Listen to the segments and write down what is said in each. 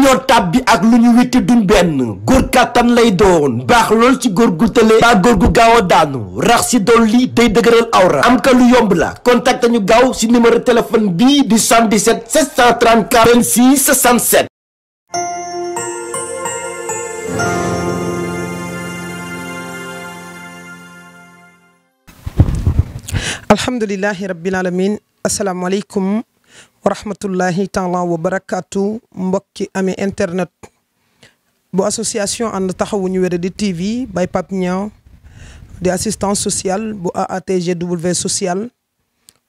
ñoo tabbi ak luñu witti duñ benn góor kàttan lay doon bax lol ci gor gu tele ba gor gu gawo daanu rax ci doon li dey degeural awra am ka lu yomb la contact ñu gaw ci numéro téléphone bi di 77 734 26 67 alhamdulillahi alamin assalamu alaykum wa rahmatullahi taala wa barakaatu mbokki amee internet bu association ànd taxawuñu wér di TV bay Pape Niang di assistance sociale bu AATGW sociale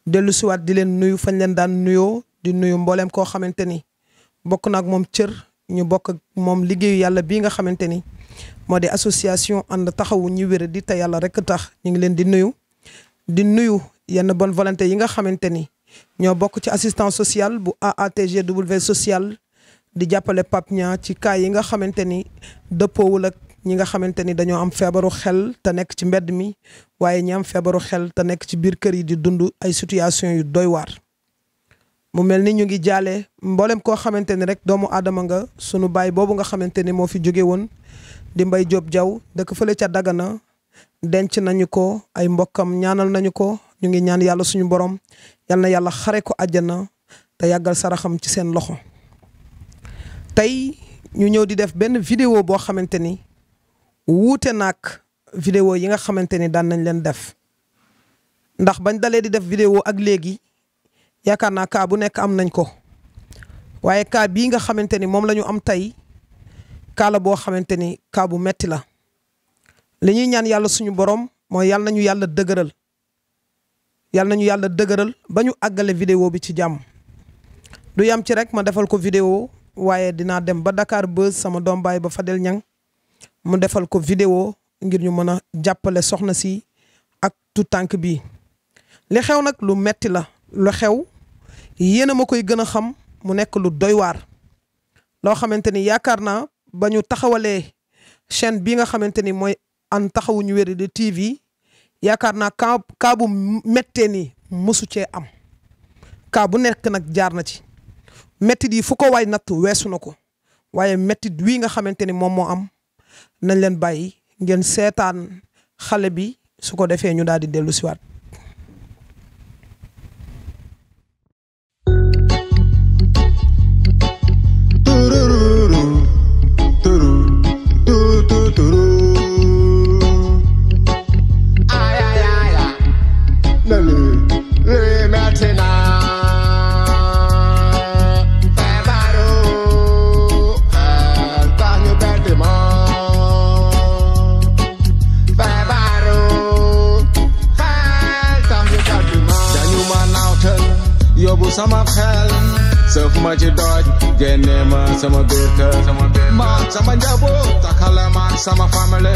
dellu siwaat di leen nuyu fañ leen daan nuyoo di nuyu mbooleem koo xamante ni bokk naag moom cër ñu bokk moom liggéeyu yàlla bii nga xamante ni moo di association ànd ñu wér di te yàlla rek tax ñu ngi leen di nuyu di nuyu yenn bonne volonté yi nga xamante ni ñoo bokk ci assistance sociale bu AATGW sociale di jàppale Pape Niang ci kaay yi nga xamante ni dëppowul ak ñi nga xamante ni dañoo am feebaru xel te nekk ci mbedd mi waaye ñi feebaru xel te nekk ci biir kër yi di dund ay situation yu doy waar. mu mel ni ñu ngi jaale mboolem koo xamante ni rek doomu aadama nga sunu baay boobu nga xamante ni moo fi jóge woon di mbay jóob Diaw dëkk fële ca Dagana denc nañu ko ay mbokkam ñaanal nañu ko ñu ngi ñaan yàlla suñu borom yal na yàlla xare ko àjjana te yàggal saraxam ci seen loxo tey ñu ñëw di def benn vidéo boo xamante ni wuute nag vidéo yi nga xamante ni daan nañ leen def ndax bañ dalee di def vidéo ak léegi yaakaar naa kaa bu nekk am nañ ko waaye kaa bii nga xamante ni moom la ñu am tey kaa la boo xamante ni kaa bu metti la li ñuy ñaan yàlla suñu borom mooy yàlla nañu yàlla dëgëral yàlla nañu yàlla dëgëral ba ñu àggale vidéo bi ci jàmm du yam ci rek ma defal ko vidéo waaye dinaa dem ba dakaar Buzz sama doom baay ba Fadel Niang mu defal ko vidéo ngir ñu mën a jàppale soxna si ak tout tànk bi li xew nag lu metti la lu xew yéen ma koy gën a xam mu nekk lu doy waar loo xamante ni yaakaar naa ba ñu taxawalee chaîne bi nga xamante ni mooy an taxawuñu wéri de TV yaakaar naa cas cas bu méttee mosu cee am cas bu nekk nag jaar na ci méttit yi fu ko waay nag weesu na ko waaye méttit wii nga xamante ni moom moo am nañ leen bàyyi ngeen seetaan xale bi su ko defee ñu daal di dellu siwaat sama xel sëf ma ci doj génne ma sama biir kër maak sama njaboot takkale sama famille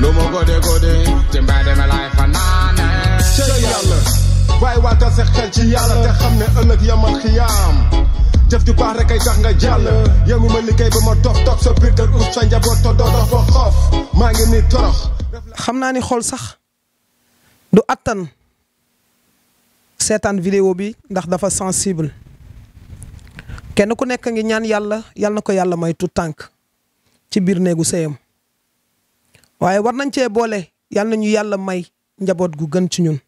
lu ma gode gode ci mbedd mi laay fanaane ci yàlla waaye waata sa xel ci yàlla te xam ne ëllëg yamal xiyaam jëf ju baax rek ay tax nga jàll yëngu ma liggéey ba ma dof dof sa biir kër ut sa njaboot te doo xoof maa ngi nii torox xam naa ni xool sax du attan seetaan vidéo bi ndax dafa sensible kenn ku nekk ngi ñaan yàlla yàlla na ko yàlla may tu tànk ci biir néegu sëyam waaye war nañ cee boole yàlla nañu yàlla may njaboot gu gën ci ñun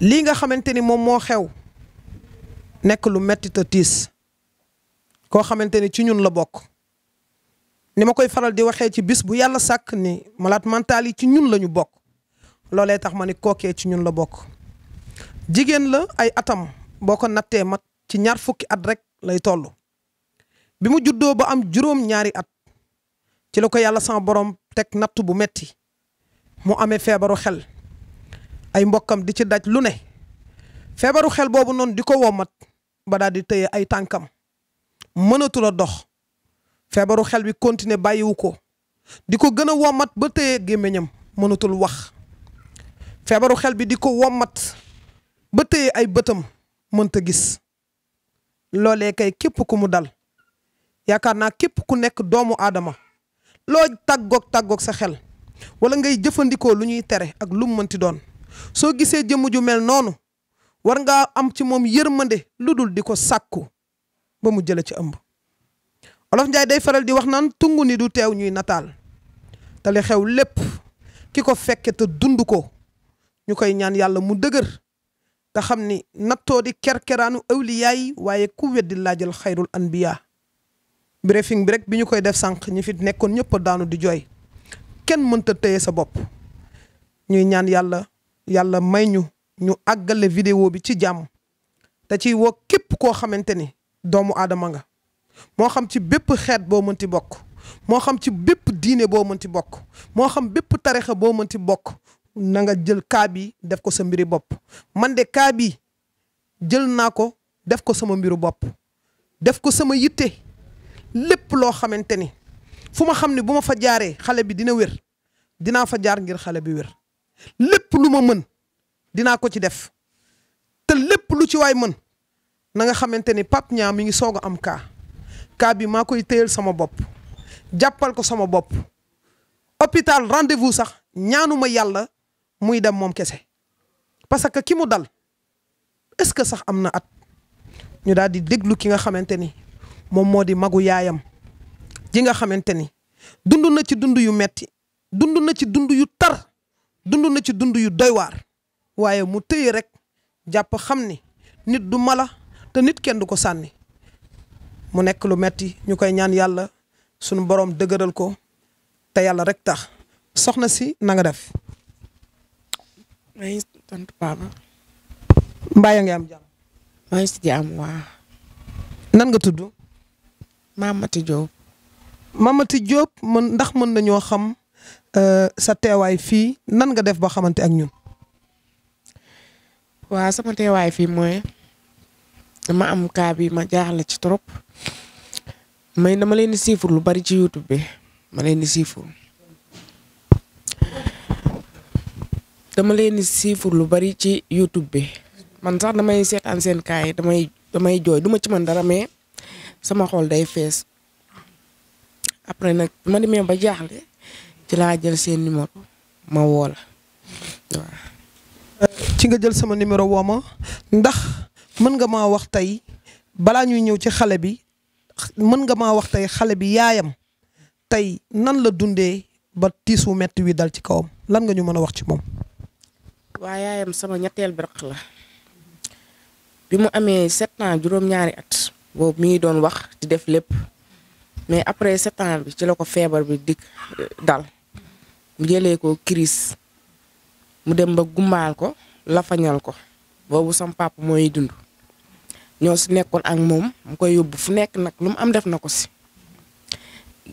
lii nga xamante ni moom moo xew nekk lu mettit te tiis koo xamante ni ci ñun la bokk ni ma koy faral di waxee ci bis bu yàlla sàkk ni malaat mental yi ci ñun la ñu bokk loolee tax ma ni kookee ci ñun la bokk jigéen la ay atam boo ko nattee mat ci ñaar fukki at rek lay toll bi mu juddoo ba am juróom-ñaari at ci la ko yàlla sama borom teg nattu bu metti mu amee feebaru xel ay mbokkam di ci daj lu ne feebaru xel boobu noon di ko womat ba daal di tëye ay tànkam mënatul a dox feebaru xel bi continuer bàyyiwu ko di ko gën a womat ba tëye gémmiñam mënatul wax feebaru xel bi di ko wommat ba tëye ay bëtam mënta gis loolee kay képp ku mu dal yaakaar naa képp ku nekk doomu aadama loo tàggoog tàggoog sa xel wala ngay jëfandikoo lu ñuy tere ak lu mu mënti doon soo gisee jëmm ju mel noonu war nga am ci moom yërmande lu dul di ko sàkku ba mu jële ci ëmb Olof Njaay day faral di wax naan tungu ni du teew ñuy nataal te li xew lépp ki ko fekke te dund ko ñu koy ñaan yàlla mu dëgër te xam ni nattoo di kerkeraanu awliyaa yi waaye ku weddi laajal xayrul anbiya briefing bi rek bi ñu koy def sànq ñi fi nekkoon ñëpp daanu di jooy kenn mënta téye sa bopp ñuy ñaan yàlla yàlla may ñu ñu àggale vidéo bi ci jàmm te ci woo képp koo xamante ni doomu aadama nga moo xam ci bépp xeet boo mënti bokk moo xam ci bépp diine boo mënti bokk moo xam bépp tarixa boo mënti bokk nanga jël cas bi def ko sa mbiri bopp man de cas bi jël naa ko def ko sama mbiru bopp def ko sama yitte lépp loo xamante ni fu ma xam ne bu ma fa jaaree xale bi dina wér dinaa fa jaar ngir xale bi wér lépp lu ma mën dinaa ko ci def te lépp lu ci waay mën nanga nga xamante ni Pape Niang mi ngi soog a am cas cas bi maa koy téyal sama bopp jàppal ko sama bopp hôpital rendez sax ñaanuma yàlla muy dem mom kese parce que ki mu dal est-ce que sax amna at ñu dal di déglu ki nga xamanteni mom modi di magu yaayam ji nga xamanteni dundu dundu na ci dundu yu metti dundu na ci dundu yu tar dundu na ci dundu yu doy war waye mu tëye rek japp xamni nit du mala te nit kenn du ko sànni mu nek lu metti ñukay ñaan yalla suñu borom degeural ko te yalla rek tax soxna si na nga def. maa ngi sant papa. am jàmm. maa ngi si jàmm waa. nan nga tudd. Mamati Diop. Mamati Diop mën ndax mën na ñoo xam euh, sa teewaay fii nan nga def ba xamante ak ñun. waa sama teewaay fii mooy dama am kaa bi ma jaaxle ci trop. may dama leen di siifur lu bari ci YouTube bi ma leen di siifur. dama leen di siifur lu bari ci YouTube bi man sax damay seetaan seen kaay damay damay jooy duma ci man dara mais sama xool day fees après nag ma demee ba jaaxle ci laa jël seen numéro ma woola la ci nga jël sama numéro woo ma ndax mën nga maa wax tey balaa ñuy ñëw ci xale bi mën nga maa wax tey xale bi yaayam tey nan la dundee ba tiisu metti wi dal ci kawam lan nga ñu mën a wax ci moom. waa sama ñetteel bi raq la bi mu amee sept ans juróom-ñaari at boobu mi ngi doon wax di def lépp mais après sept ans bi ci la ko feebar bi dik dal mu jëlee ko kiris mu dem ba gumal ko lafañal ko boobu sam papa mooy dund ñoo si nekkoon ak moom mu koy yóbbu fu nekk nag lu mu am def na ko si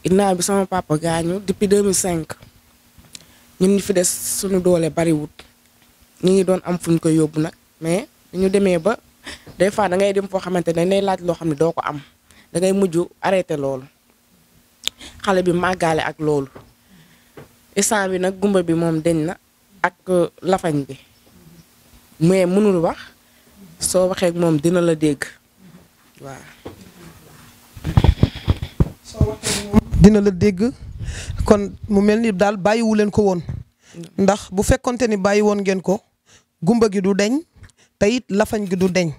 ginnaaw bi sama papa gaañu depuis 2005 ñun ñi fi des suñu doole bariwut ñu ngi doon am fuñ ko yóbbu nag mais ñu demee ba des fois da ngay dem foo xamante ne lay laaj loo xam ne doo ko am da ngay mujj arrêté loolu xale bi màggaale ak loolu instant bi nag gumba bi moom deñ na ak euh, lafañ bi mais mënul wax soo waxee moom dina la dégg waaw. dina la dégg kon mu mel ni daal bàyyiwu leen ko woon. Mm. ndax bu fekkonte ni bàyyi woon ngeen ko. gumba gi du deñ tayit lafañ gi du deñ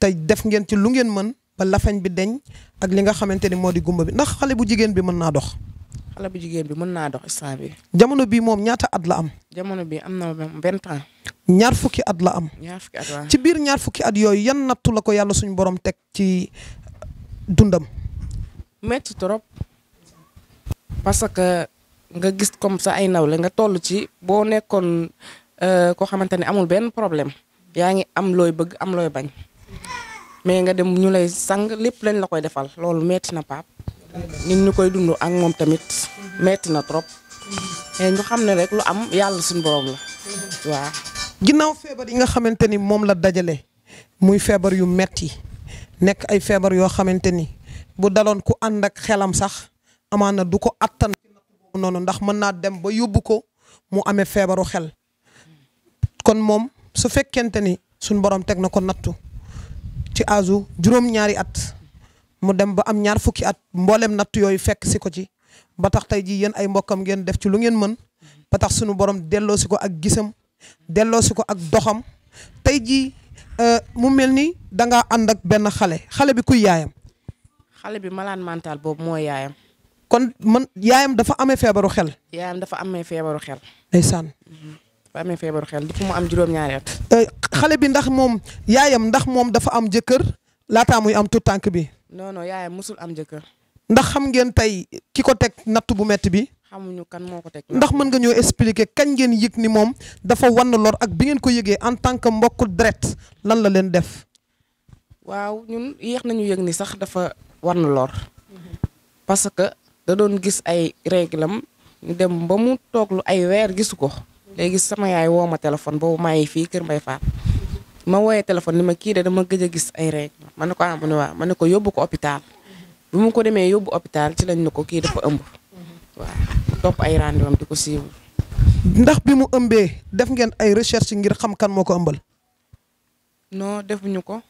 tay def ngeen ci lu ngeen man ba lafañ bi deñ ak li nga xamanteni modi di gumba bi ndax xale bu jigen bi man na dox. xale bu jigen bi man na dox instant bi jamono bi mom ñaata at la am. jamono bi am na ans. ñaar fukki at la am. ñaar fukki at ci bir ñaar fukki at yoy yan nattu lako yalla suñu borom tek ci dundam. metti trop parce que nga gis comme ça ay nawle nga tollu ci bo nekkone Euh, koo xamante ne amul benn problème yaa ngi am looy bëgg am looy bañ mais nga dem ñu lay sang lépp lañ la koy defal loolu metti na pap nit ñu koy dund ak moom tamit metti na trop mais xam ne rek lu am yàlla suñu borom la ginnaaw feebar yi nga xamante ni moom la dajale muy feebar yu metti nekk ay feebar yoo xamante ni bu daloon ku ànd ak xelam sax amaana du ko attan noonu ndax mën naa dem ba yóbbu ko mu amee feebaru xel kon moom su fekkente ni suñ borom teg na ko nattu ci azu juróom-ñaari at mu dem ba am ñaar fukki at mboolem nattu yooyu fekk si ko ci ba tax tey jii yéen ay mbokkam ngeen def ci lu ngeen mën ba tax sunu borom delloo si ko ak gisam delloo si ko ak doxam tey jii euh, mu mel ni danga ngaa ànd ak benn xale xale bi kuy yaayam. xale bi malade mental boobu mooy yaayam. kon man yaayam dafa amee feebaru xel. yaayam dafa amee feebaru xel. ba amee feebaru xel depuis mu am juróom-ñaari at. Euh, xale bi ndax moom yaayam ndax moom dafa am jëkkër laataa muy am tout tànk bi. non non yaayam musul am jëkkër. ndax xam ngeen tey ki ko teg natt bu metti bi. xamuñu kan moo ko teg. ndax mën nga ñoo expliquer kañ ngeen yëg ni moom dafa wan lor ak bi ngeen ko yëgee en tant que mbokk deret lan la leen def. waaw ñun yéex nañu yëg ni sax dafa wan lor. parce que da doon gis ay réglam ñu dem ba mu toog lu ay weer gisu ko. léegi sama yaay woo ma téléphone boobu maa ngi fii Kër may Fall ma wooyee téléphone ni ma kii de dama gëj gis ay règles ma ne ko ah mu ne waaw ma ne ko yóbbu ko hôpital bi mu ko demee yóbbu hôpital ci lañ ne ko kii dafa ëmb ay rendez-vous ndax bi mu ëmbee def ngeen ay recherche ngir xam kan moo ko ëmbal. non defuñu ko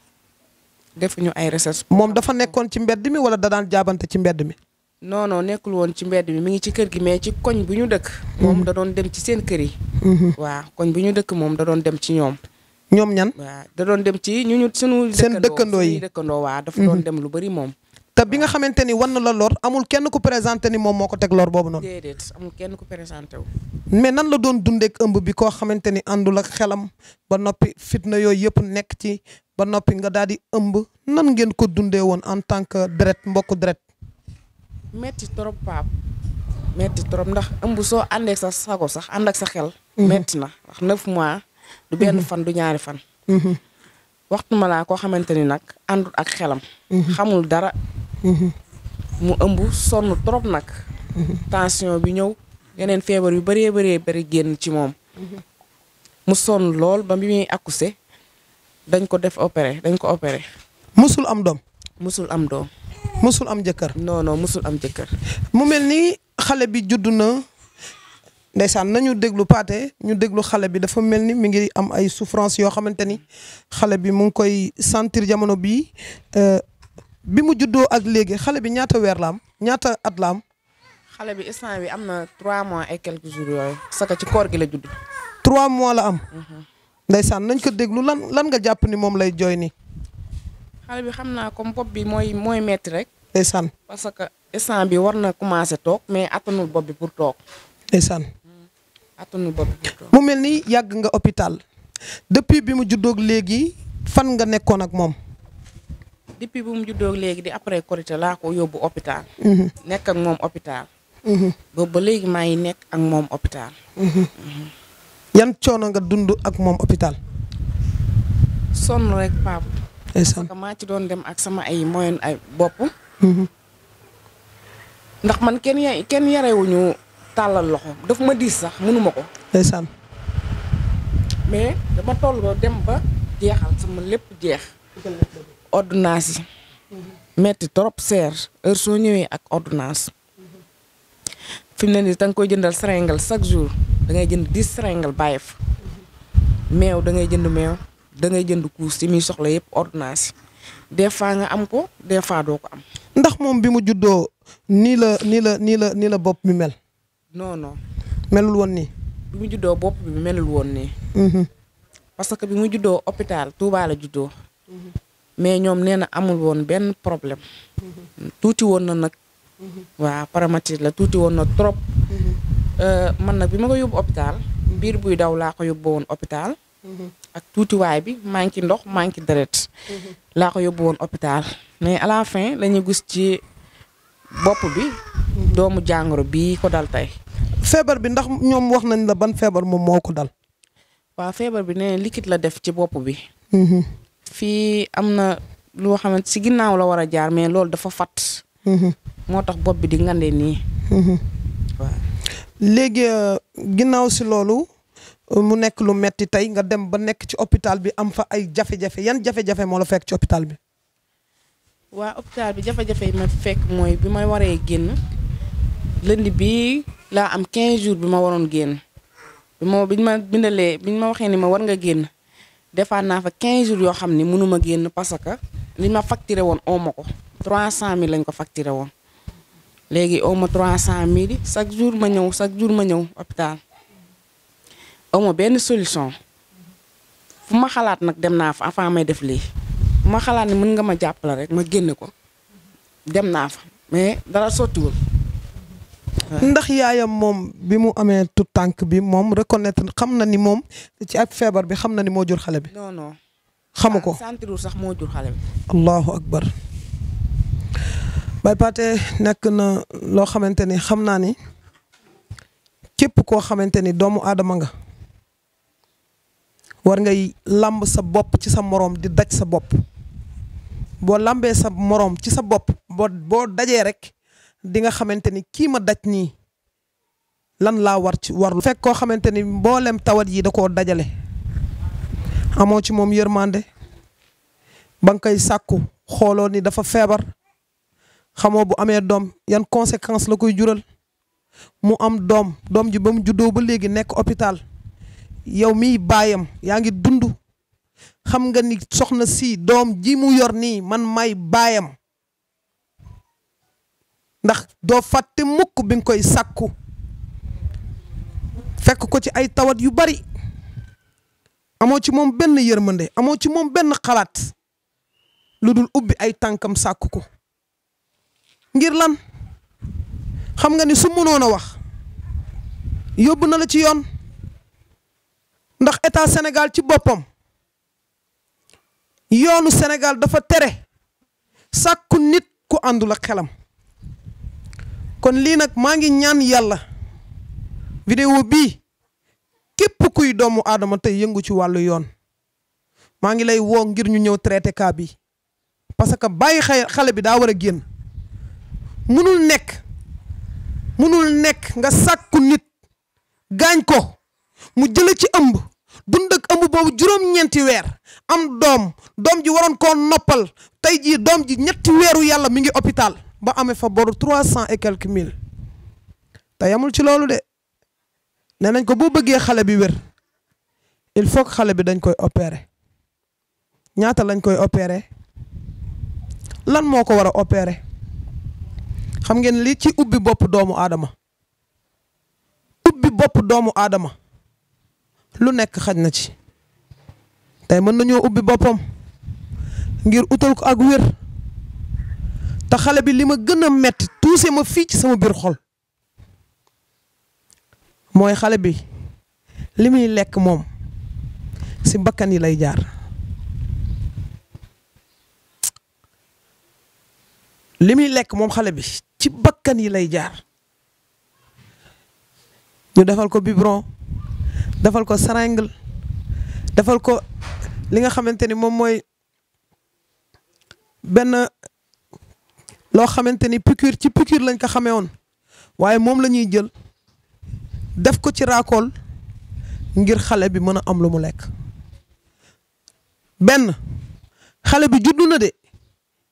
defuñu ay recherche. moom dafa nekkoon ci mbedd mi wala da daan jaabante ci mbedd mi. noonoo nekkul woon ci mbedd mi mu ngi ci kër gi mais ci koñ bu ñu dëkk. moom da doon dem ci seen kër yi. Mhm. waaw koñ bu ñu dëkk moom da doon dem ci ñoom. ñoom ñan. waaw da doon dem ci ñu ñu sunu. seen dëkkandoo yi dëkkandoo waaw dafa doon mhm. dem lu bari moom. te bi nga xamante ni wan na la lor amul kenn ku présenté ni moom moo ko teg lor boobu noonu. déedéet amul kenn ku présenté wu. mais nan la doon dundeek ëmb bi koo xamante ni àndul ak xelam ba noppi fitna yooyu yëpp nekk ci ba noppi nga daal di ëmb nan ngeen ko dundee woon en tant que deret mbokku deret metti trop pap metti trop ndax ëmb so àndeeg sa sago sax sa xel mhm. metti na wax 9 mois du ben mhm. fan du ñaari fan mhm. waxtu mala ko xamanteni nak andul ak xelam xamul dara mu ëmb sonu trop nak tension bi ñew yenen fever yu bari bari bari genn ci mom mu son lol ba mi dañ ko def opérer dañ ko opérer musul am dom musul am dom mosul am jëkkër. non non am jëkkër. mu mel ni xale bi judd na ndeysaan nañu déglu paate ñu déglu xale bi dafa mel ni mi ngi am ay souffrance yoo xamante ni xale bi mu ngi koy sentir jamono bii euh, bi mu juddoo ak léegi xale bi ñaata weer laam ñaata at la xale bi instant bi am na trois mois et quelques jours yooyu saka ci koor gi la judd. trois mois la am. Mhm. ndeysaan nañ ko déglu lan lan nga jàpp ni moom lay jooy nii. xale bi xam naa comme bopp bi mooy mooy metti rek. ndeysaan parce que instant bi war na commencé toog mais attanul bopp bi pour toog. ndeysaan. Hmm. attanul mu mel ni yàgg nga hôpital depuis bi mu juddoog léegi fan nga nekkoon ak moom. depuis bu mu juddoo léegi di après Korité laa ko yóbbu hôpital. Mhm. nekk ak moom hôpital. Mhm. ba léegi maa ngi nekk ak moom hôpital. Mhm. yan coono nga dund ak moom hôpital. sonn rek papa. parce que ci doon dem ak sama ay moyen ay bopp mhm. ndax man kenn ya kenn yarewuñu tàllal loxo daf ma diis sax mënuma ko mais dama tolloo dem ba jeexal sama lépp jeex ordonnance yi mhm. metti trop seer heure soo ñëwee ak ordonnance mhm. fi mu ne nii da koy jëndal seringal chaque jour da ngay jënd dix seringal bàyyi fa meew da ngay jënd meew da ngay jënd couche si muy soxla yëpp ordonnance yi des fois nga am ko des fois doo ko am. ndax moom bi mu juddoo nii la nii la nii la nii la bopp mu mel. non non. melul woon nii. bi mu juddoo bopp mu melul woon nii. Mhm. parce que bi mu juddoo hôpital Touba la juddoo. Mhm. mais ñoom nee na amul woon benn problème. Mhm. tuuti woon na nag. waa paramètre la tuuti woon na trop. Euh, man nag bi ma ko yóbbu hôpital. biir buy daw laa ko yóbbu woon hôpital. ak tuutiwaay bi manqué ndox manqué deret mm-hmm. laa ko yóbbu woon hôpital mais à la fin la ñu gis ci bopp bi mm-hmm. doomu jàngoro bii ko dal tey feebar bi ndax ñoom wax nañ la ban feebar moom moo ko dal waaw feebar bi nee liquide la def ci bopp bi mm-hmm. fii am na loo xamante si ginnaaw la war a jaar mais loolu dafa fat moo tax bopp bi di ngande nii léegi euh, ginnaaw si loolu mu nekk lu metti tey nga dem ba nekk ci hôpital bi am fa ay jafe-jafe yan jafe-jafe moo la fekk ci hôpital bi. waa hôpital bi jafe-jafe yi ma fekk mooy bi ma waree génn lundi bi laa am 15 jours bi ma waroon génn bi ma biñ ma bindalee biñ ma waxee ni ma war nga génn defaat naa fa 15 jours yoo xam ni mënuma génn parce que li ma facturé woon oo ma ko mille lañ ko facturé woon léegi oo ma 300000 chaque jour ma ñëw chaque jour ma ñëw hôpital. awma benn solution fu ma xalaat nag dem naa fa avant may def lii fu ma xalaat ni mën nga ma jàppale rek ma génne ko dem naa fa mais dara sottiwul ndax yaayam moom bi mu amee tout tànk bi moom reconnaître xam na ni moom ci ak feebar bi xam na ni moo jur xale bi. non non xamu ko santirul sax moo jur xale bi. allahu akbar Baye nekk na loo xamante ni xam naa ni képp koo xamante ni doomu aadama nga. war ngay lamb sa bop ci sa morom di daj sa bop bo lambe sa morom ci sa bop bo bo dajé rek di nga xamanteni ni ma daj ni lan la war ci war fek ko xamanteni mbollem tawat yi da koo dajale amoo ci mom yermandé bang kay sakku xolo ni dafa feebar xamo bu amé dom yan conséquence la koy jural mu am dom dom ji bam mu ba légui nek hôpital yow miy baayam yaa ngi dund xam nga ni soxna si doom ji mu yor nii man may baayam ndax doo fàtte mukk bi nga koy sàkku fekk ko ci ay tawat yu bari amoo ci moom benn yërmande amoo ci moom benn xalaat lu dul ubbi ay tànkam sàkku ko ngir lan xam nga ni su mënoon a wax yóbbu na la ci yoon ndax état Sénégal ci boppam yoonu Sénégal dafa tere sàkku nit ku àndul ak xelam kon lii nag maa ngi ñaan yàlla vidéo bi képp kuy doomu aadama te yëngu ci wàllu yoon maa ngi lay woo ngir ñu ñëw traité cas bi parce que bàyyi xale bi daa war a génn mënul nekk munul nekk nga sàkku nit gaañ ko mu jële ci ëmb dund ak ëmb boobu juróom-ñeenti weer am doom doom ji waroon koo noppal tey jii doom ji ñetti weeru yàlla mi ngi hôpital ba amee fa boru trois cent et quelques mille te ci loolu de nee nañ ko boo bëggee xale bi wér il faut xale bi dañ koy opeere ñaata lañ koy opérer lan moo ko war a opérer xam ngeen lii ci ubbi bopp doomu aadama ubbi bopp doomu aadama lu nek xajna na ci tay mën nañu ubbi bopam ngir utal ko ak wér ta xale bi lima gëna gën a metti tuuse ma fi ci sama bir xol moy xale bi limi lek mom si bakkan yi lay jaar limi lek mom bi ci bakkan yi lay jaar ñu defal ko biberon defal ko seringue defal ko li nga xamante ni moom mooy benn loo xamante ni pikiir ci pikiir lañ ko xamee woon waaye moom la ñuy jël def ko ci raakool ngir xale bi mën a am lu mu lekk benn xale bi juddu na de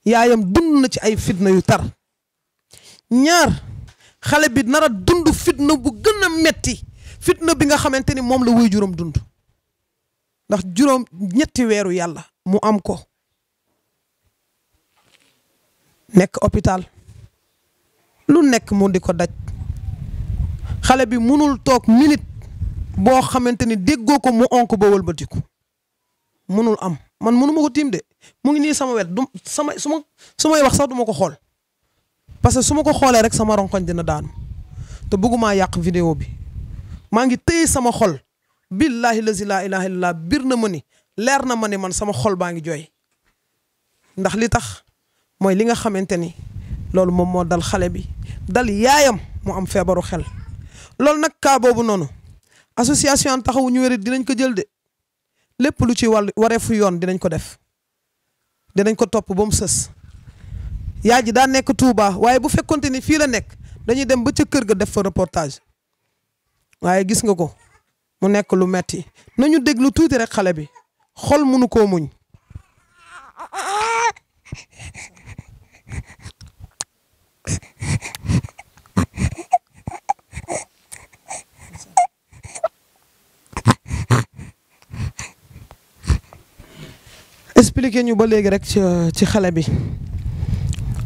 yaayam dund na ci ay fitna yu tar ñaar xale bi nara dund fitna bu gën a metti fitna bi nga xamanteni mom la wuy juróom dund ndax juróom ñetti wéru yalla mu am ko nek hôpital lu nek mu diko daj xalé bi munul tok minute bo xamanteni deggo ko mu onko ba wëlbatiku munul am man mënuma ko tim de mu ngi ni sama wet sama suma ma wax sax duma ma ko xol parce que suma ko xolé rek sama ronkon dina daan te buguma vidéo bi maa ngi téye sama xol billahi lazi laa ilaha illallah bir na ma ni leer na ma ni man sama xol baa ngi jooy ndax li tax mooy li nga xamante ni loolu moom moo dal xale bi dal yaayam mu am feebaru xel loolu nag kaa boobu noonu association taxawu ñu wérit dinañ ko jël de lépp lu ci waree fu yoon dinañ ko def dinañ ko topp ba mu sës yaay ji daa nekk Touba waaye bu fekkonte ni fii la nekk dañuy dem ba ca kër ga def fa reportage waaye gis nga ko mu nekk lu metti nañu déglu tuuti rek xale bi xol munu koo muñ. expliqué ñu ba léegi rek ci xale bi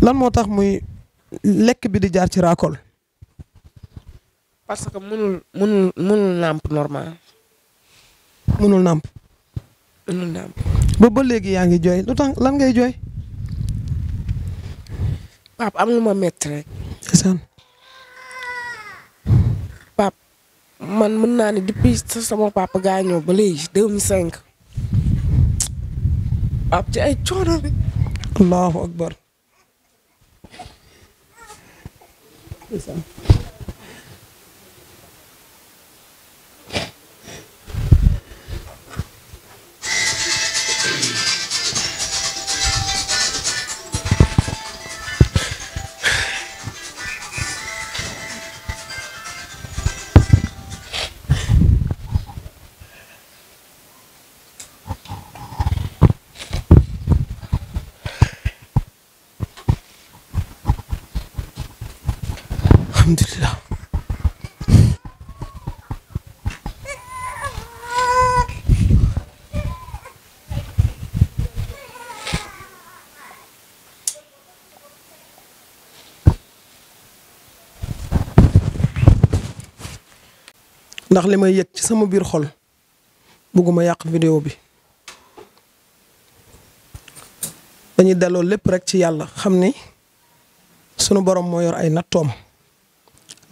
lan moo tax muy lekk bi di jaar ci raakol parce que mënul mënul mënul nàmp normal. mënul nàmp. mënul nàmp. léegi yaa ngi jooy lu tax lan ngay jooy. pap am lu ma métti rek. pap man mën naa ne sa sama papa gaañoo ba léegi 2005. pap ci ay coono rek. allahu akbar. ndax limay yek ci sama bir xol buguma yak video bi dañu delloo lepp rek ci yalla xamni suñu borom mo yor ay natom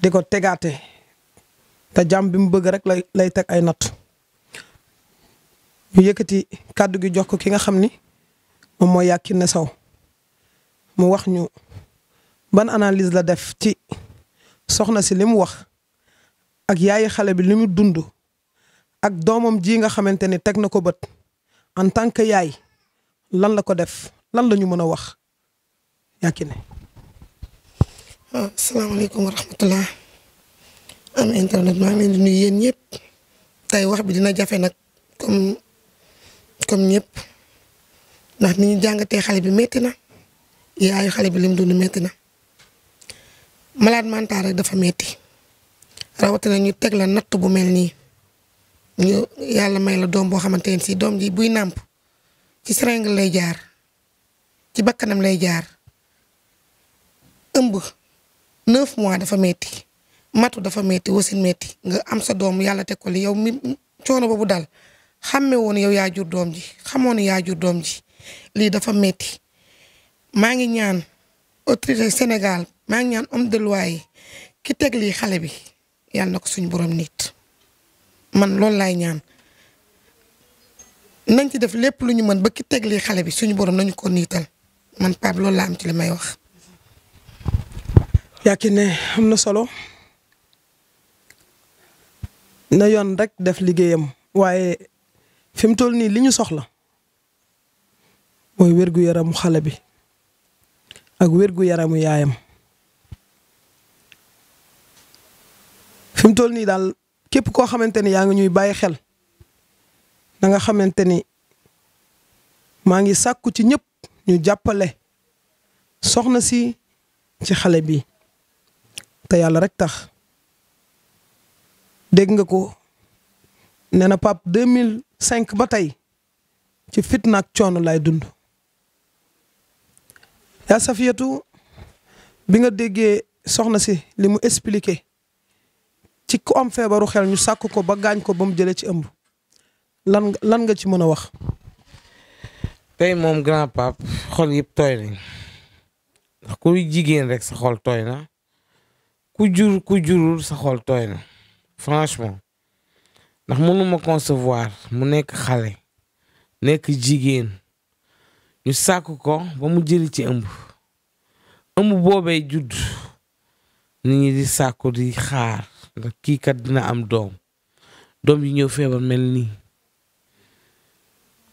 diko tegaté ta jam bi mu bëgg rek lay lay ay nat ñu yëkëti kaddu gi jox ko ki nga xamni mom mo saw mu wax ñu ban analyse la def ci soxna ci limu wax. ak yaay xale bi li mu dund ak doomam ji nga xamante ne teg na ko bët en tant que yaay lan la ko def lan la ñu mën a wax Yacine. waaw ah, salaamaaleykum wa am internet maa ngi di nuyu yéen ñëpp tey wax bi dina jafe nag comme comme ñëpp ndax ni ñu jàngatee xale bi métti na yaayu xale bi li mu dund métti na malade mental rek dafa metti rawatina ñu teg la natt bu mel nii ñu yàlla may la doom boo xamante ne si doom ji buy nàmp ci seringue lay jaar ci bakkanam lay jaar ëmb neuf mois dafa metti matu dafa metti wasin metti nga am sa doom yàlla teg ko li yow mi coono boobu dal xamme woon yow yaa jur doom ji xamoon yaa jur doom ji lii dafa metti maa ngi ñaan autorité Sénégal maa ngi ñaan homme de yi ki teg lii xale bi yàlla na ko suñu borom nit man loolu laay ñaan nañ ci def lépp lu ñu mën ba ki lii xale bi suñu borom nañu ko niital man Pape loolu laa am ci li may wax. yaakaar ne am na solo na yoon rek def liggéeyam waaye fi mu toll nii li ñu soxla mooy wér gu yaramu xale bi ak wér gu yaramu yaayam. fi mu toll nii daal képp koo xamante ni yaa nga ñuy bàyyi xel na nga xamante ni maa ngi sàkku ci ñëpp ñu jàppale soxna si ci xale bi te yàlla rek tax dégg nga ko nee na Pape 2005 ba tey ci fitna ak coono lay dund. yaa safiyatu bi nga déggee soxna si li mu expliqué ci ku am feebaru xel ñu sàkk ko ba gaañ ko ba mu jëlee ci ëmb lan lan nga ci mën a wax. tey moom grand pape xol yëpp tooy nañ ndax ku jigéen rek sa xol tooy na ku jur ku jurul sa xol tooy na franchement ndax mënuma concevoir mu nekk xale nekk jigéen ñu sàkk ko ba mu jëli ci ëmb ëmb boobee judd nit ñi di sàkku di xaar ndax kii kat dina am doom doom yi ñëw feebar mel nii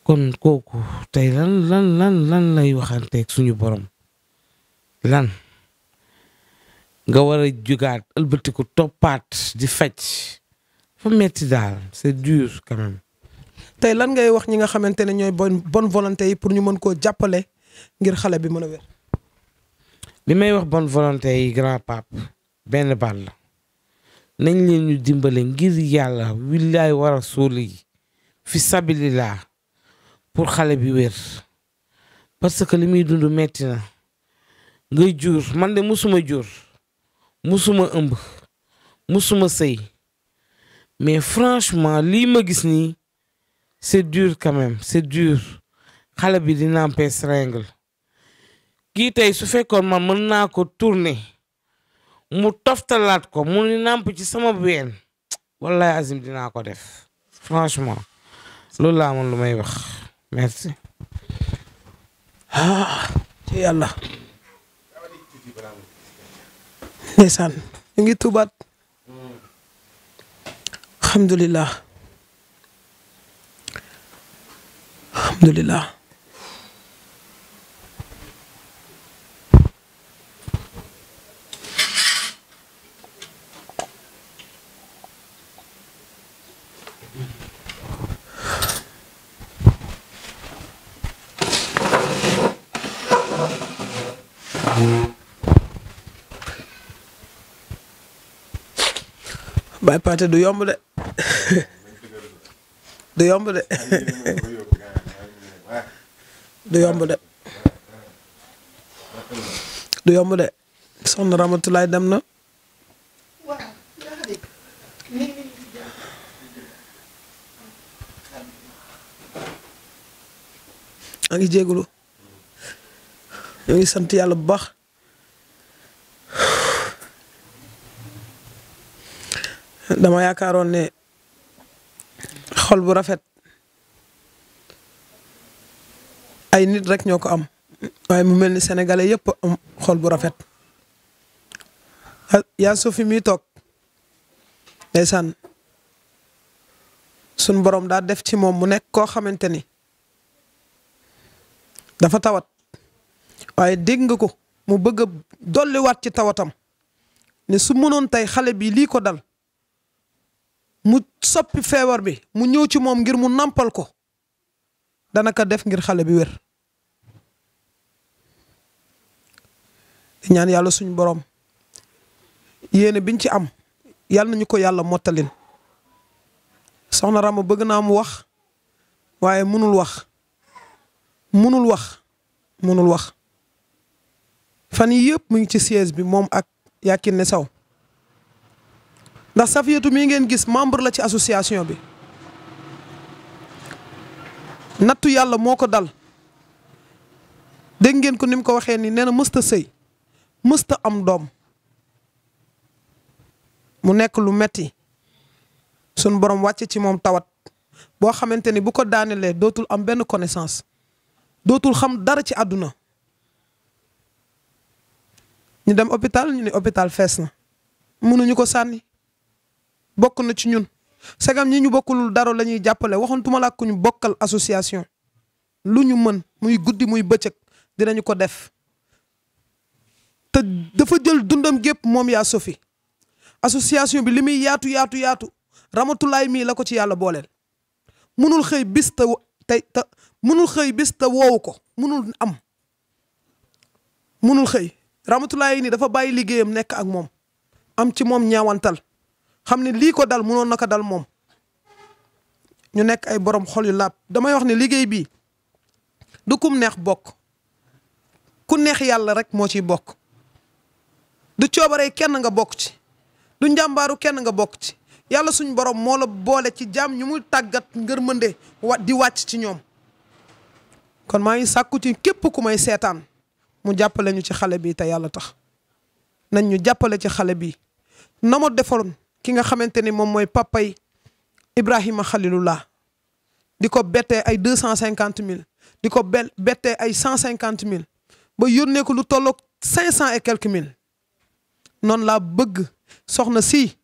kon kooku tey lan lan lan lan lay waxanteeg suñu borom lan nga war a jugaat ëlbatiku toppaat di faj fa metti daal c'est dur quand même. tey lan ngay wax ñi nga xamante ne ñooy bon bonne yi pour ñu mën koo jàppale ngir xale bi mën a wér. bi may wax bon volonté yi grand pape benn baat la. nañ leen ñu dimbale ngir yàlla willaay war a suuli fi sabilillah pour xale bi wér parce que li muy dund metti na ngay jur man de musuma jur musuma ëmb musuma sëy mais franchement lii ma gis nii c'est dur quand même c'est dur xale bi dina am pees règle kii tey su fekkoon man mën naa ko tourner mu toftalaat ko mu ni nàmp ci sama ween wallahi azim dinaa ko def franchement loolu laa lu may wax merci ah ci yàlla ndeysaan ñu tubaat alhamdulillah alhamdulillah Baye Pathé du yomb de du yomb de du yomb de du yomb de soxna Ramatulaay dem na a ngi jégalu ñu ngi sant yàlla bu baax dama yaakaaroon xol bu rafet ay nit rek ñoko am waye mu melni sénégalais yëpp am xol bu rafet ya sofi mi tok ndaysan sun borom da def ci mom mu nek ko xamanteni dafa tawat waye dégg nga ko mu bëgg dolli wat ci tawatam ne su mënon tay xale bi li ko dal mu soppi feebar bi mu ñëw ci moom ngir mu nampal ko dana ko def ngir xale bi wér ñaan yàlla suñu boroom yéene biñ ci am yàlla nañu ko yàlla mottalin soxna Rama bëgg naa mu wax waaye mënul wax mënul wax mënul wax fan yii yëpp mu ngi ci siège bi moom ak Yàkine saw ndax Safiyatu mii ngeen gis membre la ci association bi nattu yàlla moo ko dal dégg ngeen ko ni mu ko waxee ni nee na mësta sëy mësta am doom mu nekk lu metti sun borom wàcce ci moom tawat boo xamante ni bu ko daanelee dootul am benn connaissance dootul xam dara ci àdduna ñu dem hopital ñu ne hôpital fees na mënuñu ko sànni bokk na ci ñun sagam ñi ñu bokkulul dara la ñuy jàppale waxantuma la ku ñu bokkal association lu ñu mën muy guddi muy bëccëg dinañu ko def te dafa jël dundam gépp moom yaa sofi association bi li muy yaatu yaatu yaatu ramatulaay mii la ko ci yàlla booleel munul xëy bis te tey te te woowu ko munul am munul xëy ramatulaay nii dafa bàyyi liggéeyam nekk ak moom am ci moom ñaawantal xam ne lii ko dal mënoon na ko dal moom ñu nekk ay boroom xol yu làpp damay wax ne liggéey bii du kum neex bokk ku neex yàlla rek moo ciy bokk du coobaree kenn nga bokk ci du njàmbaaru kenn nga bokk ci yàlla suñ borom moo la boole ci jaam ñu muy tàggat ngërmande wa di wàcc ci ñoom kon maa ngi sàkku ci képp ku may seetaan mu jàppale ñu ci xale bi te yàlla tax nañ ñu jàppale ci xale bi na ma defaroon ki nga xamante ni moom mooy papay Ibrahima Khalilullah di ko bettee ay deux cent cinquante mille di ko be bettee ay cent cinquante mille ba yónnee ko lu tolloog cinq cent et quelques mille noonu la bëgg soxna si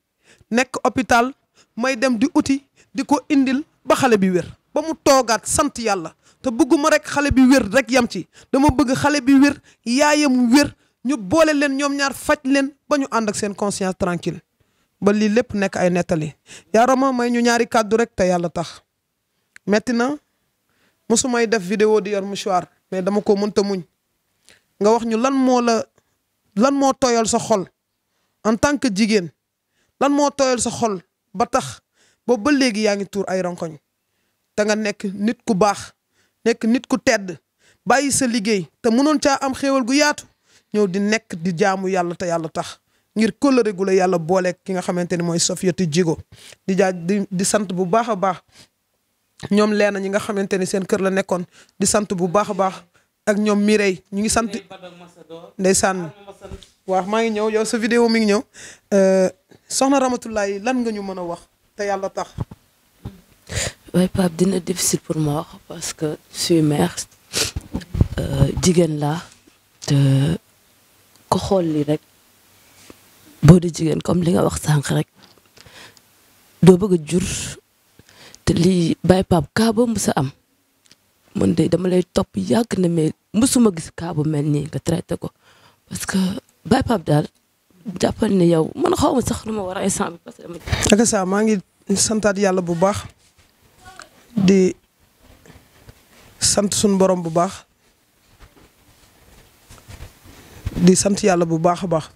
nekk hôpital may dem di uti di ko indil ba xale bi wér ba mu toogaat sant yàlla te bëgguma rek xale bi wér rek yam ci dama bëgg xale bi wér yaayam wér ñu boole leen ñoom ñaar faj leen ba ñu ànd ak seen conscience tranquille ba li lepp nek ay ya yaarama may ñu ñaari kàddu rek te yalla tax metti na mosumay def vidéo di yor mouchoir mais dama ko ta muñ nga wax ñu lan mo la lan mo toyal sa xol en tant que jigen lan mo toyal sa xol ba tax bo ba léegi yaangi tour ay ronkoñ ta nga nek nit ku bax nek nit ku tedd bayyi sa liggey te mënon ca am xewal gu yaatu ñew di nek di jaamu yalla te yalla tax ngir kóllëre gu la yalla bolé ki nga xamanteni ni mooy Sofiatou di jaa di di bu baakha a baax ñoom leena ñi nga xamanteni seen kër la nekkon di sante bu baakha a baax ak ñoom Mireille ñi ngi sante ndaysan wax ma ngi ñew yow sa vidéo mi ngi euh soxna Ramatoulaye lan nga ñu mëna wax te yalla tax way pap dina difficile pour moi parce que suis mère euh, jigéen la te ko xol li rek boo di jigéen comme li nga wax sànq rek doo bëgg a jur te lii bàyyi paap kaa boo mës a am man de dama lay topp yàgg na mais mësuma gis kaa mel nii nga traité ko parce que bàyyi paap daal jàppal ne yow man xaw ma sax lu ma war a instant bi parce saa maa ngi santaat yàlla bu baax di sant suñu borom bu baax di sant yàlla bu baax a baax.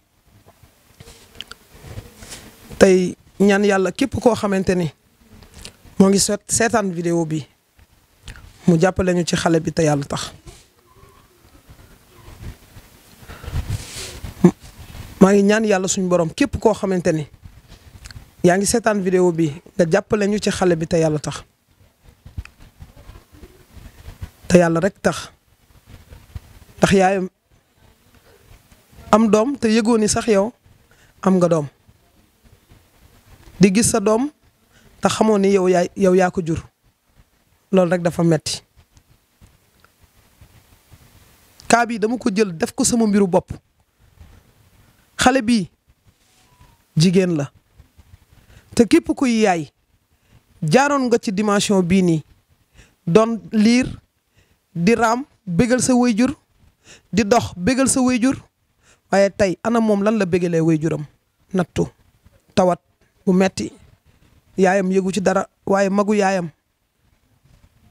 Tay ñaan yalla képp ko xamanteni ni ngi seet vidéo bi mu jàppale ñu ci xalé bi tay yalla tax ma ngi ñaan yalla suñu borom képp ko xamanteni ni ngi sétane vidéo bi da jàppale ñu ci xalé bi tay yalla tax tay yalla rek tax tax yaayam am dom te yegoni sax yow am nga dom di gis sa doom te xamoon ni yow yaa yow yaa ko jur loolu rek dafa metti kaa bii dama ko jël def ko sama mbiru bopp xale bi jigéen la te képp kuy yaay jaaroon nga ci dimension bii nii doon liir di raam bégal sa wayjur di dox béggal sa wayjur waaye tey ana moom lan la bégalee wayjuram nattu tawat bu metti yaayam yëgu ci dara waaye magu yaayam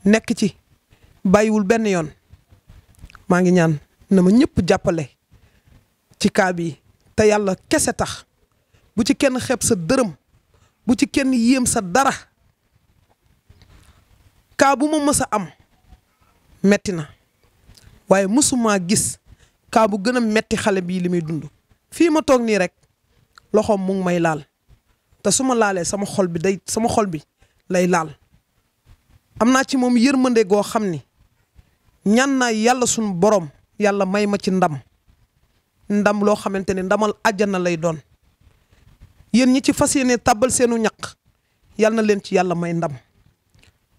nekk ci bàyyiwul benn yoon maa ngi ñaan na ma ñëpp jàppale ci kaa bi te yàlla kese tax bu ci kenn xeeb sa dërëm bu ci kenn yéem sa dara kaa bu ma mësa am metti na waaye mësuma gis kaa bu gën a metti xale bii li muy dund fii ma toog nii rek loxoom mu may laal te su ma laalee sama xol bi day sama xol bi lay laal am naa ci moom yërmande goo xam ni ñaan naa yàlla suñu borom yàlla may ma ci ndam ndam loo xamante ni ndamal àjjana lay doon yéen ñi ci fas yéene tàbbal seenu ñaq yàlla na leen ci yàlla may ndam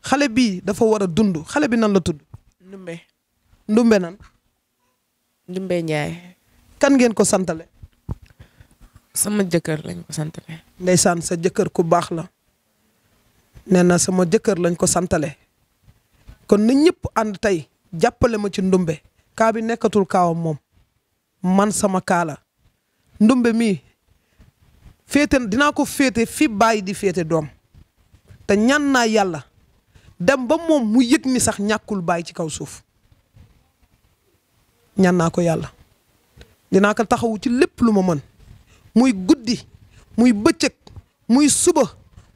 xale bi dafa war a dund xale bi nan la tudd. Ndumbe Ndumbe nan. Ndumbe Ndiaye. kan ngeen ko santale. sama jëkkër lañ ko santale. ndeysaan sa jëkkër ku baax la nee na sama jëkkër lañ ko santale kon na ñépp ànd tey jàppale ma ci ndumbe kaa bi nekkatul kaawam moom man sama kaala ndumbe mii féete dinaa ko féete fi bàyyi di féete doom te ñan naa yàlla dem ba moom mu yëg ni sax ñàkkul bàyyi ci kaw suuf ñaan naa ko yàlla dinaa ko taxawu ci lépp lu ma mën. muy guddi muy bëccëg muy suba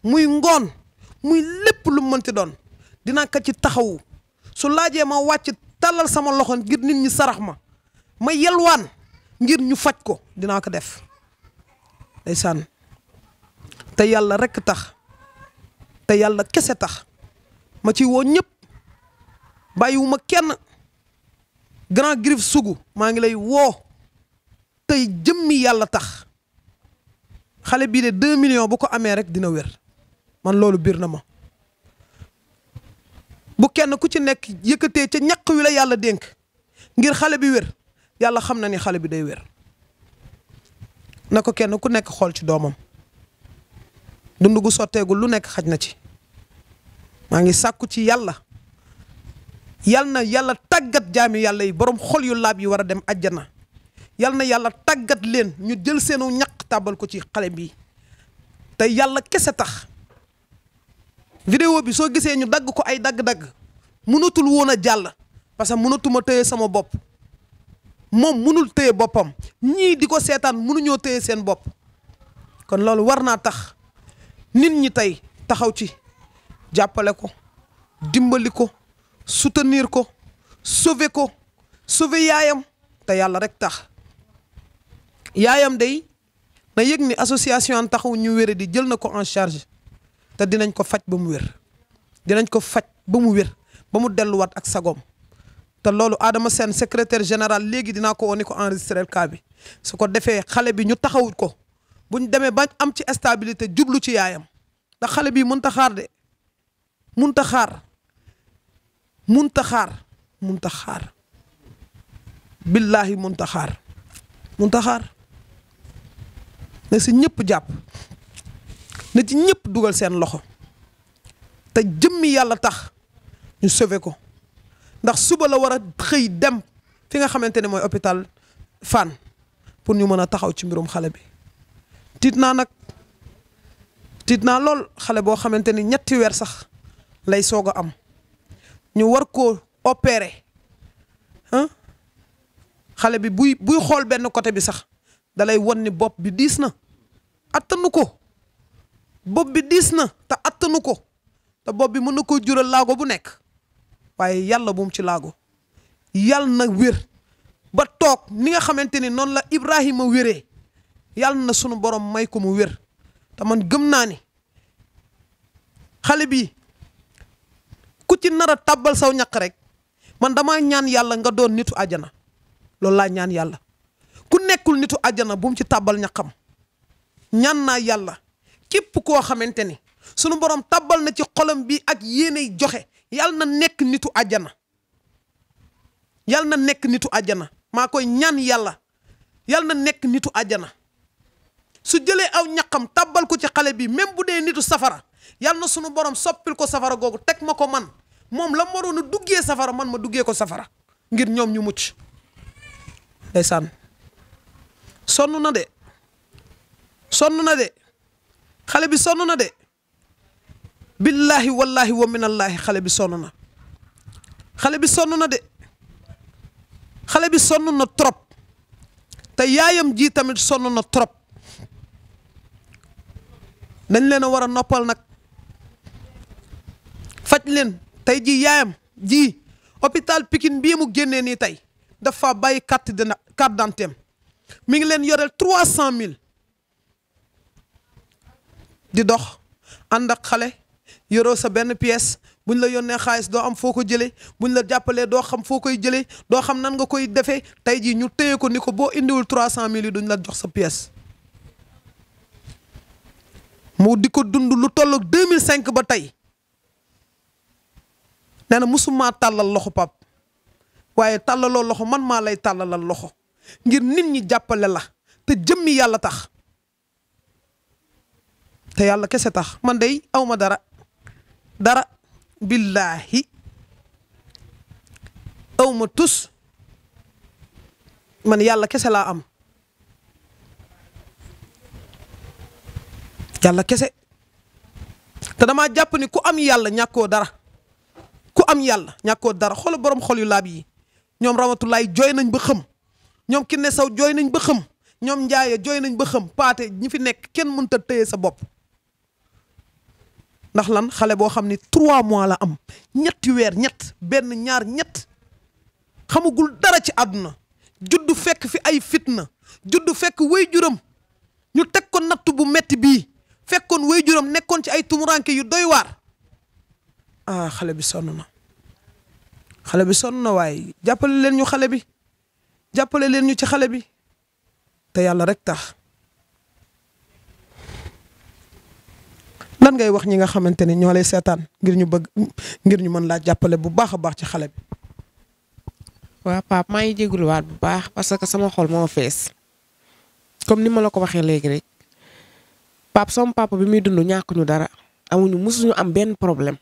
muy ngoon muy lépp lu mu mënti doon dina ko ci taxawu su laajee ma wàcc tàllal sama loxo ngir nit ñi sarax ma ma yelwaan ngir ñu faj ko dinaa ko def ndeysaan te yàlla rekk tax te yàlla kese tax ma ci woo ñëpp bàyyiwuma kenn Grand Griffe Sougou maa ngi lay woo tey jëmmi yàlla tax xale bii de 2 millions bu ko amee rek dina wér man loolu biir na ma bu kenn ku ci nekk yëkkatee ca ñaq wi la yàlla dénk ngir xale bi wér yàlla xam na ni xale bi day wér na ko kenn ku nekk xool ci doomam dund gu sotteegul lu nekk xaj na ci maa ngi sàkku ci yàlla yal na yàlla tàggat jaami yàlla yi boroom xol yu laab yi war a dem àjjana yal na yàlla tàggat leen ñu jël seenu ñaq tàbbal ko ci xale bi te yàlla kese tax vidéo bi soo gisee ñu dagg ko ay dagg-dagg mënatul woon a jàll parce que mënatuma téye sama bopp moom mënul téye boppam ñii di ko seetaan mënuñoo téye seen bopp kon loolu war naa tax nit ñi tey taxaw ci jàppale ko dimbali ko suteniir ko sauver ko sauver yaayam te yàlla rek tax yaayam day na yëg ni association taxaw ñu wére di jël na ko en charge te dinañ ko faj ba mu wér dinañ ko faj ba mu wér ba mu wat ak sagom te loolu Adama sen secrétaire général légui dina ko woni ko le cas bi su ko défé xale bi ñu taxawut ko buñ démé bañ am ci stabilité djublu ci yaayam da xale bi mënta xaar de mënta xaar mënta xaar mënta xaar billaahi mënta xaar mënta xaar na si ñëpp jàpp na ci ñëpp dugal seen loxo te jëmmi yàlla tax ñu sauver ko ndax suba la war a xëy dem fi nga xamante ne mooy hôpital Fann pour ñu mën a taxaw ci mbirum xale bi tiit naa nag tiit naa lool xale boo xamante ni ñetti weer sax lay soog a am ñu war ko opérer xale bi buy buy xool benn côté bi sax dalay won ni bopp bi diis na attanu ko bopp bi diis na te attanu ko te bopp bi mën na ko jural laago bu nekk waaye yàlla bu ci laago yàlla na wér ba toog ni nga xamante ni noonu la Ibrahima wéree yàlla na sunu borom may ko mu wér te man gëm naa ni xale bi ku ci nara tabal saw ñaq rek man dama ñaan yàlla nga doon nitu àjjana loolu laa ñaan yàlla ku nekkul nitu àjjana bu mu ci tàbbal ñaqam ñaan naa yàlla képp koo xamante ni sunu borom tàbbal na ci xolam bi ak yéenay joxe yàlla na nekk nitu àjjana yàlla na nekk nitu àjjana maa koy ñaan yàlla yàlla na nekk nitu àjjana su jëlee aw ñaqam tàbbal ko ci xale bi même bu dee nitu safara yàlla na sunu borom soppil ko safara googu teg ma ko man moom la ma doon duggee safara man ma duggee ko safara ngir ñoom ñu mucc ndeysaan sonn na de sonn na de xale bi sonn na de billaahi wallaahi wa minallaahi xale bi sonn na xale bi sonn na de xale bi sonn na trop te yaayam ji tamit sonn na trop dañ leen a war a noppal nag faj leen tey ji yaayam ji hôpital Pikine bii mu génnee nii tey dafa bàyyi carte de carte d'identité mi ngi leen yoreel trois cent mille di dox ànd ak xale yoroo sa benn pièce buñ la yónnee xaalis doo am foo ko jëlee buñ la jàppalee doo xam foo koy jëlee doo xam nan nga koy defee tey jii ñu téye ko ni ko boo indiwul trois cent mille yi duñ la jox sa pièce. mu di ko dund lu mille 2005 ba tey nee na musuma tàllal loxo pap waaye tàllaloo loxo man maa lay tàllalal loxo. ngir nit ñi jàppale la te jëmmi yàlla tax te yàlla kese tax man day awma dara dara billaahi awma tus man yàlla kese laa am yàlla kese te dama jàpp ni ku am yàlla ñàkkoo dara ku am yàlla ñàkkoo dara xool borom xol yu laab yi ñoom ramatulaay jooy nañ ba xëm ñoom ki ne saw jooy nañ ba xëm ñoom njaaya jooy nañ ba xëm paate ñi fi nekk kenn mënta téye sa bopp ndax lan xale boo xam ni trois mois la am ñetti weer ñett benn ñaar ñett xamagul dara ci àdduna judd fekk fi ay fitna juddu fekk way juram ñu teg ko natt bu metti bi fekkoon way juram nekkoon ci ay tumuranke yu doy waar ah xale bi sonn na xale bi sonn na waaye jàppale leen ñu xale bi jàppale leen ñu ci xale bi te yàlla rek tax lan ngay wax ñi nga xamante ne ñoo lay seetaan ngir ñu bëgg ngir ñu mën laa jàppale bu baax a baax ci xale bi. waaw Pape maa ngi jégaluwaat bu baax parce que sama xol moo fees comme ni ma la ko waxee léegi rek Pape sama papa bi muy dund ñàkkuñu dara amuñu mosuñu am benn problème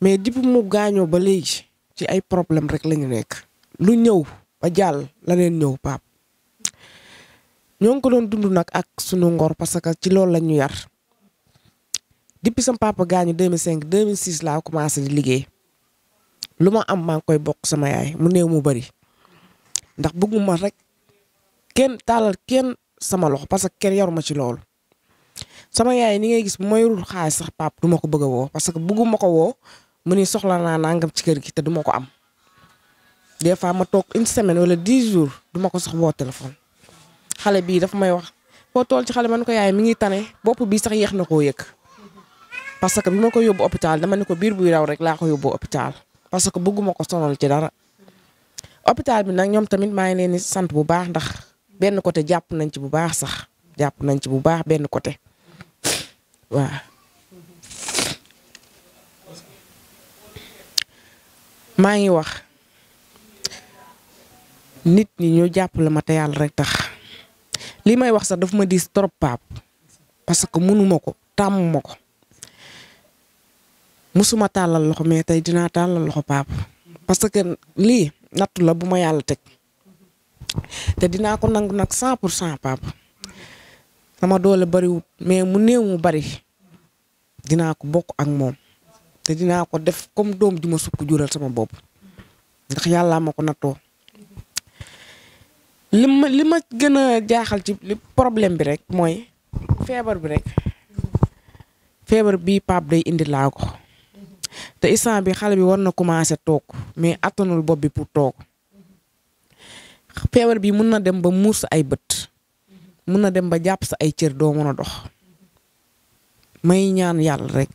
mais depuis mu gaañoo ba léegi ci ay problème rek lañu nekk lu ñëw. ba jall la len ñew pap ñong ko don dund nak ak suñu ngor parce que ci lool la yar depuis sam papa gañu 2005 2006 la commencé di liggé luma am ma koy bok sama yaay mu neew mu bari ndax bëgguma rek ken talal ken sama loxo parce que kenn ma ci lool sama yaay ni ngay gis moy ma yorul sax pap duma ko bëgg wo parce que bëgguma ko wo mu ni soxla na nangam ci kër gi te duma ko am des fois ma toog une semaine wala dix jours duma ko sax woo téléphone xale bii dafa may wax foo tool ci xale man ko yaay mi ngi tane bopp bii sax yéex na koo yëg parce que bi ma ko yóbbu hôpital dama ne ko biir buy raw rek laa ko yóbbu hôpital parce que bëgguma ko sonal ci dara hôpital bi nag ñoom tamit maa ngi leen di sant bu baax ndax benn côté jàpp nañ ci bu baax sax jàpp nañ ci bu baax benn côté waaw. maa nit ñi ñoo jàppale ma te yàlla rek tax lii may wax sax dafa ma diis trop paap parce que mënuma ko tàmm ma ko musuma tàllal loxo mais tey dinaa tàllal loxo paap parce que lii nattu la bu ma yàlla teg te dinaa ko nangu nag cent pour cent paap sama doole bariwut mais mu néew mu bari dinaa ko bokk ak moom te dinaa ko def comme doom ju ma sukk jural sama bopp ndax yàllaa ma ko nattoo li ma li ma gën a jaaxal ci li problème bi rek mooy feebar bi rek feebar bi Pape day indi laa te instant bi xale bi war na commencer toog mais attanul bopp bi pour toog feebar bi mun na dem ba muur sa ay bët mun na dem ba jàpp sa ay cër doo mën a dox may ñaan yàlla rek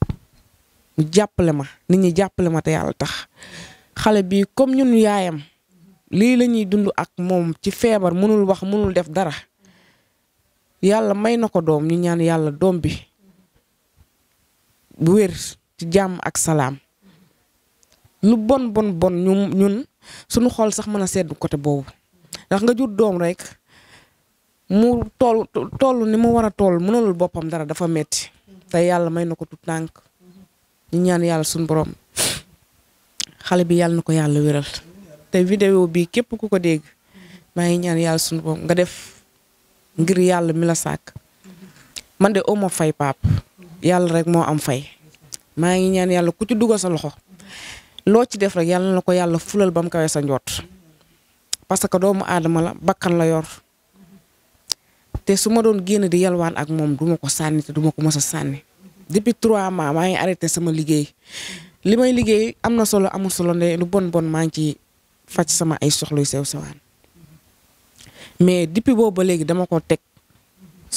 mu jàppale ma nit ñi jàppale ma te yàlla tax xale bi comme ñun yaayam. li lañuy dund ak mom ci febar mënul wax mënul def dara yalla may nako kodom ñu ñaan yalla dom bi bu wër ci jamm ak salam lu bon bon bon ñun ñun suñu xol sax mëna sédd côté bobu ndax nga jur dom rek mu toll toll ni mu wara toll mënul bopam dara dafa metti te yalla may nako tut tank ñu ñaan yalla suñu borom xalé bi yàlla na ko yàlla te vidéo bi képp ku ko dégg maa ngi ñaan yàlla sunu boom nga def ngir yàlla mi la sàkk man de oma fay pap yàlla rek moo am fay maa ngi ñaan yàlla ku ci dugal sa loxo loo ci def rek yàlla na ko yàlla fulal ba mu kawee sa njoot parce que doomu aadama la bakkan la yor te su ma doon génn di waan ak moom duma ko sànni te duma ko mës a sànni depuis trois mois maa ngi arrêté sama liggéey li liggéey am na solo amul solo ndey lu bon bon maa ngi faj sama ay soxluy sew sawaan mais depuis boobu ba léegi dama ko teg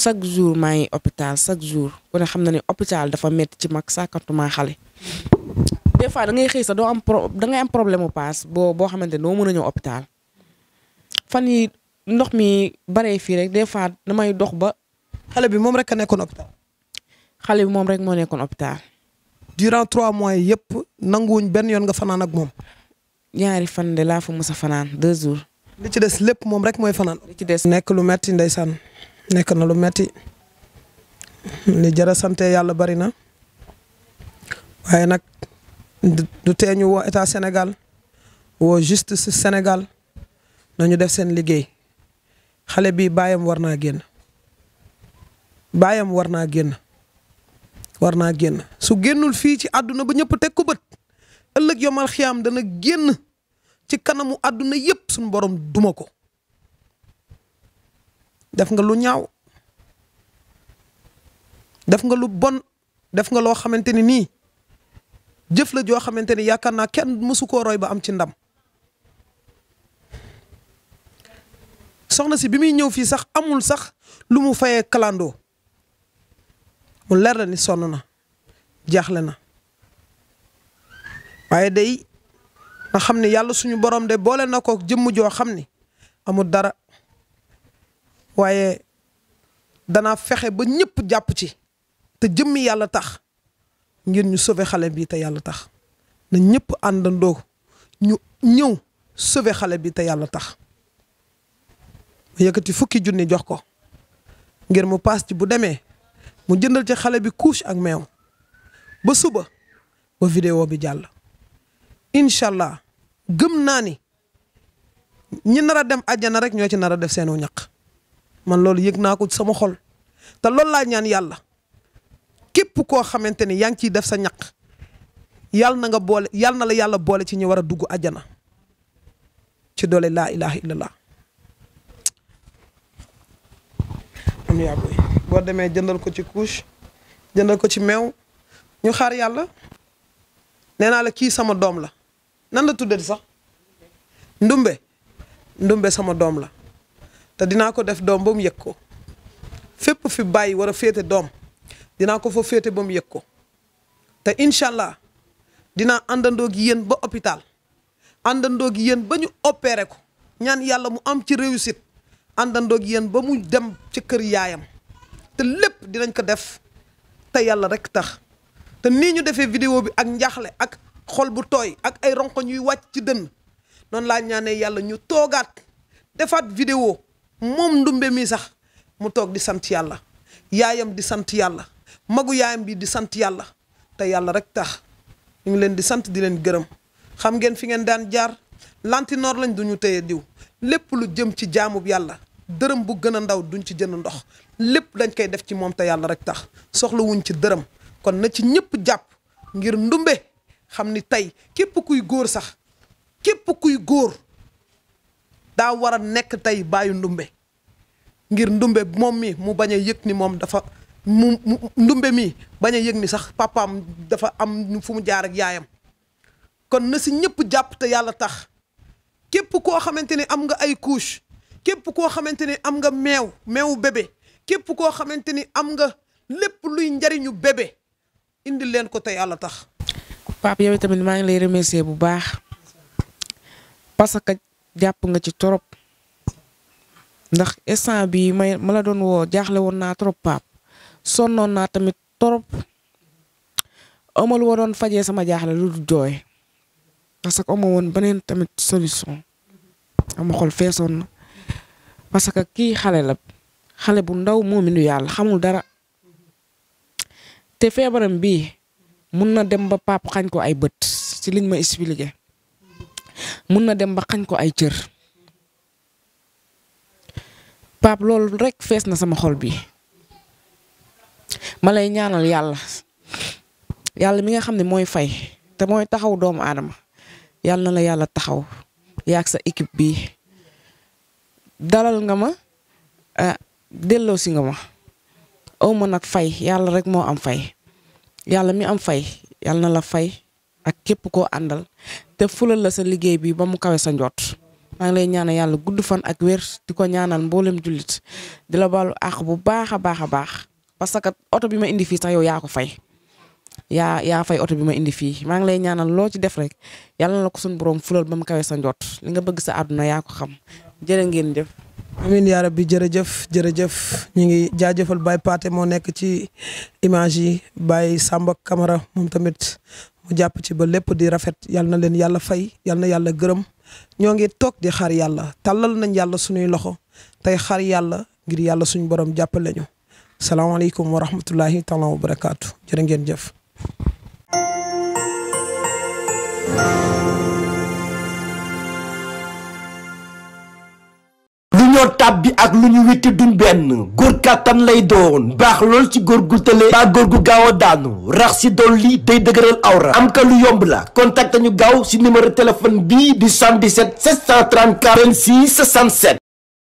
chaque jour maa ngi hôpital chaque jour ku ne xam na ne hôpital dafa métti ci mag sàkkantuma xale. des fois da ngay xëy sax doo am pro da ngay am problème mu paas boo boo xamante ne doo mën a ñëw hôpital fan yi ndox mi baree fii rek des fois damay dox ba. xale bi moom rek a nekkoon hôpital. xale bi moom rek moo nekkoon hôpital. durant trois mois yëpp nanguwuñ benn yoon nga fanaan ak moom. ñaari fan de laa fa mos fanaan deux jours. li ci des lépp moom rek mooy fanaan. li ci des nekk lu metti ndeysaan nekk na lu metti li jara sante yàlla bari na waaye nag du tee ñu woo état Sénégal woo justice Sénégal nañu def seen liggéey xale bi baayam war naa génn baayam war naa génn war naa génn su génnul fii ci àdduna ba ñëpp teg ko bët. ëlëk yomal xiyam dana genn ci kanamu aduna yépp sun borom duma ko def nga lu ñaaw def nga lu bon def nga lo xamanteni ni jëf la jo xamanteni yakarna kenn mësu roy ba am ci ndam soxna si bi mi ñëw fi sax amul sax lu mu fayé kalando mu lér la ni sonna jaxlé na waaye day nga xam ne yàlla suñu borom de boole na ko jëmm joo xam ne amul dara waaye danaa fexe ba ñëpp jàpp ci te jëmmi yàlla tax ngir ñu sauver xale bi te yàlla tax na ñëpp àndandoo ñu ñëw sauver xale bi te yàlla tax mu yëkkati fukki junni jox ko ngir mu paas ci bu demee mu jëndal ci xale bi couche ak meew ba suba ba vidéo bi jàll incha allah gëm naa ni ñi nar a dem àjjana rek ñoo ci nar a def seenu ñax man loolu yëg naa ko sama xol te loolu laa ñaan yàlla képp koo xamante ni yaa ngi ciy def sa ñaq yàlla na nga boole yàlla na la yàlla boole ci ñu war a dugg àjjana ci doole laa ilaha boo demee jëndal ko ci couche jëndal ko ci meew ñu xaar yàlla nee naa la kii sama doom la. nan la tuddati sax ndumbe ndumbe sama doom la te dinaa ko def doom ba mu yëg ko fépp fi bàyyi war a féete doom dinaa ko fa féete ba mu yëg ko te incha allah dinaa àndandoo yéen ba hôpital àndandoog gi yéen ba ñu opéré ko ñaan yàlla mu am ci réussite àndandoog gi yéen ba mu dem ci kër yaayam te lépp dinañ ko def te yàlla rek tax te nii ñu defee vidéo bi ak njaaxle ak xol bu tooy ak ay ronkoñ yuy wàcc ci dënn noonu laa ñaanee yàlla ñu toogaat defaat vidéo moom ndumbe mi sax mu toog di sant yàlla yaayam di sant yàlla magu yaayam bi di sant yàlla te yàlla rek tax ñu ngi leen di sant di leen gërëm xam ngeen fi ngeen daan jaar lantinoor lañ duñu téye diw lépp lu jëm ci jaamub yàlla dërëm bu gën a ndaw duñ ci jënd ndox lépp dañ koy def ci moom te yàlla rek tax soxla wuñ ci dërëm kon na ci ñëpp jàpp ngir ndumbe xam ni tey képp kuy góor sax képp kuy góor daa war a nekk tey bàyyi ndumbe ngir ndumbe moom mi mu bañ a yëg ni moom dafa mu ndumbe mi bañ a yëg ni sax papaam dafa am fu mu jaar ak yaayam kon na si ñëpp jàpp te yàlla tax képp koo xamante ni am nga ay couche képp koo xamante ni am nga meew meewu bébé képp koo xamante ni am nga lépp luy njariñu bébé indi leen ko te yàlla tax pap yow tamit ma ngi lay remercier bu baax parce que japp nga ci trop ndax instant bi may ma la don wo jaxle won na trop pap sonnoon na tamit trop amul woo faje sama jaxle lu joy. parce que amul won temi tamit solution am xol fesson parce que ki xale la xale bu ndaw moominu yalla xamul dara te febaram bi muna na dem ba pap xañ ko ay bët ci liñ ma expliquer mun na dem ba xañ ko ay cër pap loolu rek fess na sama xol bi malay ñaanal yalla yalla mi nga xamne moy fay te moy taxaw doom adam yalla la yalla taxaw yaag sa équipe bi dalal nga ma ah, delo si nga ma aw fay yalla rek mo am fay yàlla mi am fay yàlla na la fay ak képp koo àndal te fulal la sa liggéey bi ba mu kawee sa njoot maa ngi lay ñaanal yàlla gudd fan ak wér di ko ñaanal mboolem jullit di la baalu àq bu baax a baax a baax parce que oto bi ma indi fii sax yow yaa ko fay yaa yaa fay oto bi ma indi fii maa ngi lay ñaanal loo ci def rek yàlla na la ko suñu borom fulal ba mu kawee sa njoot li nga bëgg sa àdduna yaa ko xam jërë ngeen jëf. amiin yaa rabbi jërëjëf jërëjëf ñu ngi jaajëfal Baye Pathé moo nekk ci image yi Baye Samba Camara moom tamit mu jàpp ci ba lépp di rafet yal na leen yàlla fay yal na yàlla gërëm ñoo ngi toog di xaar yàlla tàllal nañ yàlla suñuy loxo tey xar yàlla ngir yàlla suñu borom jàppale ñu salaamaaleykum wa rahmatullahi taala wa barakaatu jër ngeen jëf. tab bi ak lu ñu witti duñ benn góor kàttan lay doon baax lool ci góor gu tële ba góor gu gaaw a daanu rax si dolli day dëgëral awra am ka lu yomb la contacté ñu gaaw si numéro téléphone bii di 77 734 26 67